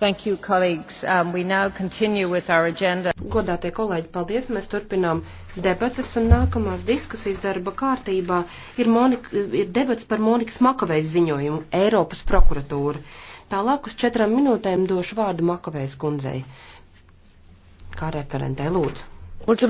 Thank you, colleagues. Um, we now continue with our agenda. Godātie kolēģi, paldies. Mēs turpinām debatas un nākamās diskusijas darba kārtībā ir, Monika, ir debats par Monikas Makavējas ziņojumu Eiropas prokuratūra. Tālāk uz četrām minūtēm došu vārdu Makavējas kundzei. Kā referentē, lūdzu. Mulțumesc.